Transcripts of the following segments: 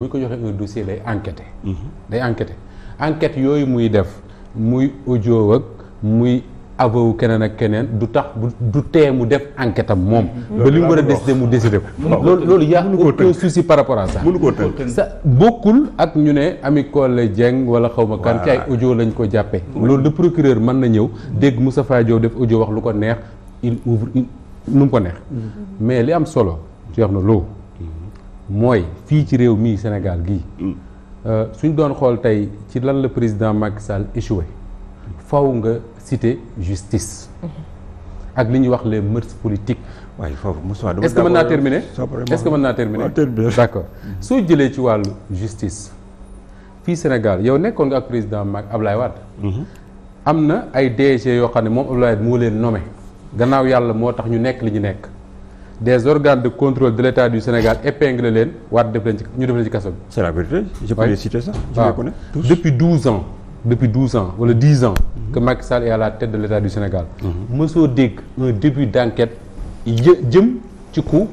bu ñu ko joxe un dossier day enquêté. Mhm. day enquêté enquête yooyu muy def muy audio ak muy aveu keneen ak keneen du tax du tee mu def enquête am moom. Mhm. ba li mu war a décider mu décider ko. loolu loolu y' a aucun souci par rapport à ça. mënu ko tënk sa bokkul ak ñu ne Ami Collé Dieng wala xaw ma kan. ci audio lañ ko jàppee. loolu le procureur mën na ñëw dégg Moustapha Diop def audio wax lu ko neex il ouvre nu mu ko neex. Mhm. mais li am solo ci yox na loo. mooy fii ci réew mii Sénégal gii mm. euh, suñ doon xool tey ci lan la président Macky Sall échoué fow nga cité justice mm-hmm. ak li ñu wax les mœurs politiques waaye foofu Moussa est-ce que mën naa terminer est-ce que mën naa terminer d'accord mm-hmm. soo jëlee ci wàllu justice fii Sénégal yow nekkoon nga ak président Macky Ablaye Wade mm-hmm. am na ay DG yoo xam ne moom Ablaye Wade moo leen nommé gannaaw yàlla moo tax ñu nekk li ñu nekk des organes de contrôle de l'État du Sénégal épinglent leen waat def leen ci ñu def leen ci kaso bi. c'est la vérité je peux les citer ça. je les depuis douze ans. depuis douze ans wala dix ans. Mhm. que Macky Sall est à la tête de l'État du Sénégal. mësoo mhm. dégg un début d'enquête jëm ci ku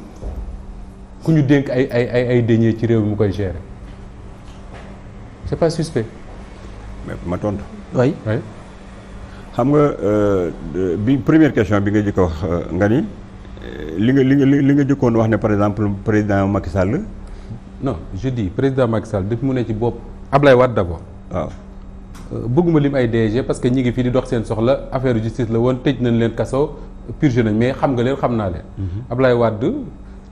ku ñu dénk ay ay ay ay deniers ci réew mi mu koy gérer c'est pas suspect. mais ma tontu. oui oui. xam nga euh, bi première question bi nga jëkk a wax euh, nga ni. li nga li nga li nga jëkkoon wax ne par exemple président Macky Sall. non je dis président Macky Sall daf mu ne ci bopp Ablaye Wade d' abord. waaw euh, bëgguma lim ay DG parce que ñi ngi fii di dox seen soxla affaire justice la woon tëj nañ leen kaso purgé nañ mais xam nga leen xam naa leen. Mhm. Ablaye Wade.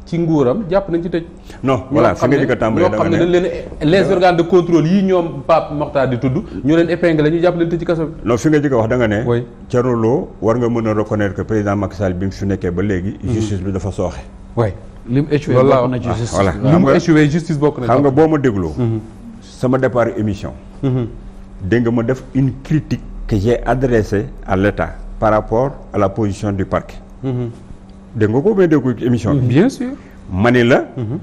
ci nguuram jàpp nañ ci tëj. non voilà fi nga jëkk a tàmbalee dama ne leen les euh, organes de contrôle yi ñoom Pape Mokhtar di tudd. ñu leen épinglé ñu jàpp leen tëj ci kaso bi. non fi nga jëkk a wax da nga ne. oui Thierno war nga mën a reconnaître que président Macky Sall bi mu fi nekkee ba léegi. Mhm. justice bi dafa sooxe. oui li mu échoué bokk na ci justice ah, voilà na ci. xam nga boo ma dégloo. Mhm. sama départ émission. Mhm. dégg nga ma def une critique que j'ai adressée à l'État par rapport à la position du parquet. dégg nga ko mais dégg ko émission bi. ma ne la. Mhm.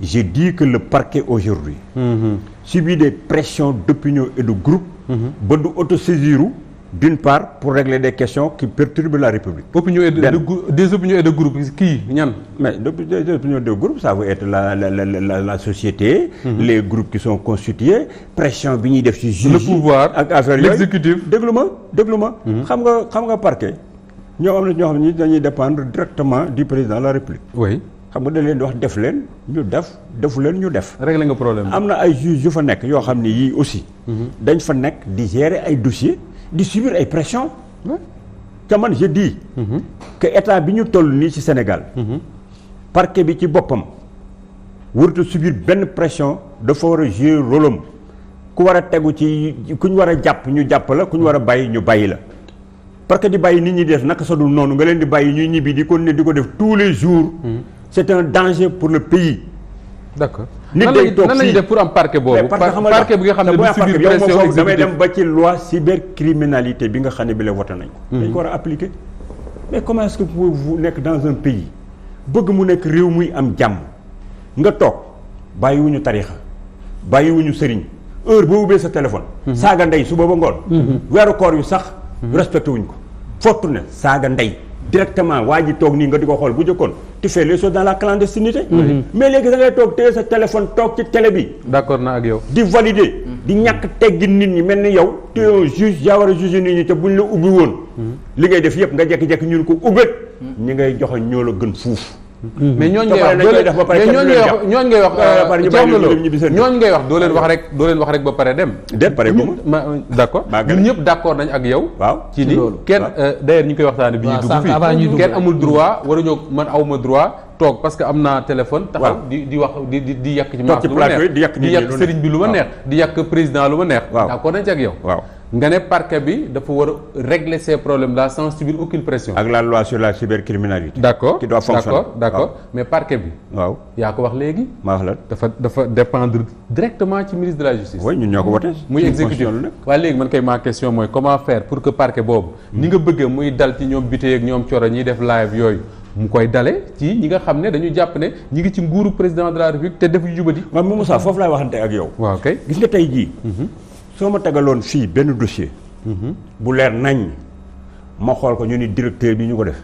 j'ai dit que le parquet aujourd'hui mhm. subit des pression d'opinion et de groupe. Mhm. ba du autosaisir d'une part pour régler de question qui perturbent la République. opinion et de, de, de, des opinions et de groupes kii ñan. mais des, des opinions de groupes ça veut être la la la la, société. les groupes qui sont constitués pression bi ñuy def ci juge. le pouvoir ak affaire yooyu l'exécutif déglu ma déglu ma. xam nga xam nga parquet. ñoo am na ñoo xam ne dañuy dépendre directement di président la république. oui xam nga dañ leen di wax def leen ñu def defu leen ñu def. rek la nga problème am na ay juges yu fa nekk yoo xam ni yii aussi. Mhm. dañ fa nekk di gérer ay dossiers di subir ay pressions. ca man je dis. Mhm. que bi ñu toll nii ci Sénégal. Mhm. parquet bi ci boppam warut a subir benn pression dafa war a jouer rôle ku war a tegu ci ku ñu war a jàpp ñu jàpp la ku war a bàyyi ñu bàyyi la. parce que di bàyyi nit ñi def naka sa dul noonu nga leen di bàyyi ñuy ñibbi di ko ne di ko def tous les jours. Hmm. c' est un danger pour le pays. d' accord nit day toog nan def pour am parquet boobu. parquet bi nga xam ne du subir pression exécutive damay dem ba ci loi cybercriminalité bi nga xam ne bi la voté nañ ko. Hmm. dañ ko war a appliquer mais comment est ce que vous nekk dans un pays bëgg mu nekk réew muy am jàmm nga toog bàyyiwuñu tarixa bàyyiwuñu sëriñ heure boo ubbee sa téléphone. Hmm. saaga ndey suba ba ngoon. weeru koor yu sax. respecté wuñ ko. fortune saaga ndey directement waa ji toog nii nga di ko xool bu jëkkoon tu fais les choses dans la clandestinité mais léegi da ngay toog téye toog ci télé bi d'accord na ak yow di valider di ñàkk teggin nit ñi mel ni yow tu es un juge yaa war a juger nit ñi te buñ la ubbi woon hmm. li ngay def yëpp nga jekki-jekki ñun ko ubbét hmm. ñi ngay joxe ñoo la gën fuuf Mm-hmm. mais ñooñu ngay wax mais ñooñu ngay wax euh, ñooñu ngay wax. ñooñu ngay wax doo leen wax rek doo leen wax rek ba pare dem. déet pare gu ma euh, d' accord ñëpp d' nañ ak yow. waaw ci ni kenn euh, d' ailleurs ñu koy waxtaanee. bi ñuy dugg fii kenn amul droit waruñoo man awma droit. toog parce que am naa téléphone. taxaw di di wax di di di yàq ci. maas lu ma neex di yàq sëriñ bi lu ma neex. di yàq président lu ma neex. d' accord nañ ci ak yow. waaw nga ne parquet bi dafa war a régler ces problèmes là sans subir aucune pression. ak la loi sur la cybercriminalité. d' accord qui mais parquet bi. waaw yaa ko wax léegi. ma wax la dafa dafa dépendre directement ci ministre de la justice. oui ñun ñoo ko wote. muy exécutif waaye léegi man kay ma question mooy comment faire pour que parquet boobu. ni nga bëggee muy dal ci ñoom bité ak ñoom coro ñiy def live yooyu. mu koy dale ci ñi nga xam ne dañu jàpp ne ñi ngi ci nguuru président de la république te def yu jubati. waaw Moussa foofu laay soo ma tegaloon fii benn dossier. Mhm. bu leer nañ ma xool ko ñu ni directeur bi ñu ko def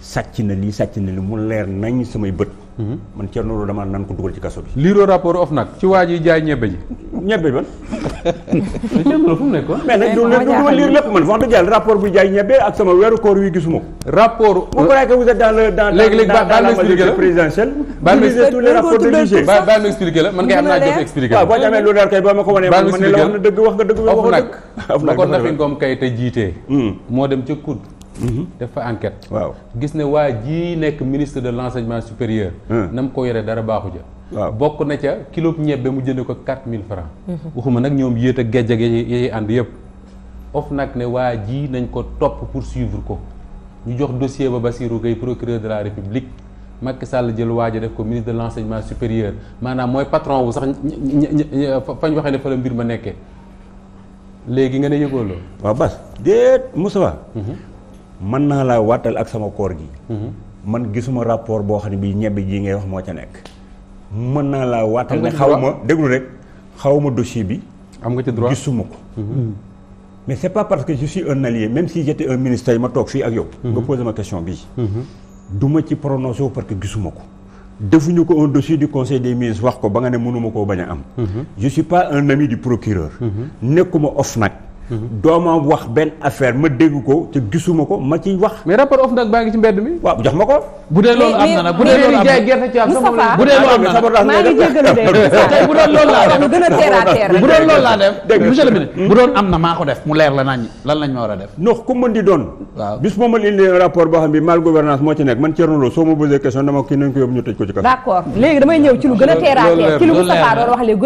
sàcc na lii sàcc na li mu leer nañ samay bët. Mm-hmm. man Thierno Lo dama nan ko dugal ci kaso bi. liiroo rapport OFNAC ci waa ji jaay ñebe ji. ñebe ji man. mais Thierno Lo fu mu nekkoon. mais nag du ma liir lépp man wax dëgg yàlla rapport buy jaay ñebe ak sama weeru koor wi gisuma ko. rapport. vous êtes dans le dans dans la majorité présidentielle. baal ma expliqué la baal ma expliqué la kay xam ma ko wanee man ma na dëgg wax nga ko jiitee moo dem ca COUD def fa enquête. waaw gis ne waa ji nekk ministre de l' enseignement supérieur. Hmm. na mu ko yore dara baaxu ja waaw bokk na ca kilo ñebbe mu jënd ko mille francs hmm. waxuma nag ñoom yéet ak géej ak yay ànd yëpp. of nag ne waa ji nañ ko topp poursuivre ko ñu jox dossier ba Bassirou Gueye procureur de la république Macky Sall jël waa ji def ko ministre de l' enseignement supérieur maanaam mooy patron wu sax fañ waxee ne fa la mbir ma nekkee léegi nga ne yëgoo loolu. waaw Bas déet Moussa. Hmm. mën naa laa wàttal ak sama koor gi. Mhm. man gisuma rapport boo xam ne bii ñebe jii ngay wax moo ca nekk. mën naa laa wàttal ne xaw ma déglu rek xaw ma dossier bi. am nga ci droit gisuma ko. Mhm. mais c' est pas parce que je suis un allié même si j' étais un ministre yi ma toog fii ak yow. Mhm. nga posé ma question bii. du ci prononcé wu parce que gisuma ko. defuñu ko un dossier du conseil des ministres wax ko ba nga ne mënuma koo bañ a am. je suis pas un ami du procureur. nekkuma off nag. Mhm. doomam wax benn affaire ma dégg ko te gisuma ko ma ciy wax. mais rapport of ngi ci mbedd mi. waaw jox ma ko. bu dee loolu am na nag bu ngi jégalu de tey bu doon loolu a teer à hmm. bu doon am na maa ko def mu leer la nañ lan lañ ma war def non ku mën di doon bis moo mën indi rapport boo xam bi mal gouvernance moo ci nekk man Thierno Lo soo ma posé question dama kii nañ ko yóbbu ñu tëj ko ci kaso d'accord léegi damay ñëw ci lu gën a teer ci lu gën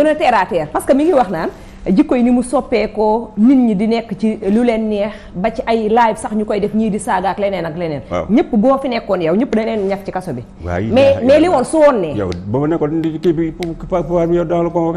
a teer à teer que mi ngi wax naan jikko yi ni mu soppeekoo nit ñi di nekk ci lu leen neex ba ci ay live sax ñu koy def ñii di saaga ak leneen ak leneen. ñëpp boo fi nekkoon yow ñëpp da leen ñaf ci kaso bi. mais mais li woon su woon ne. yow ba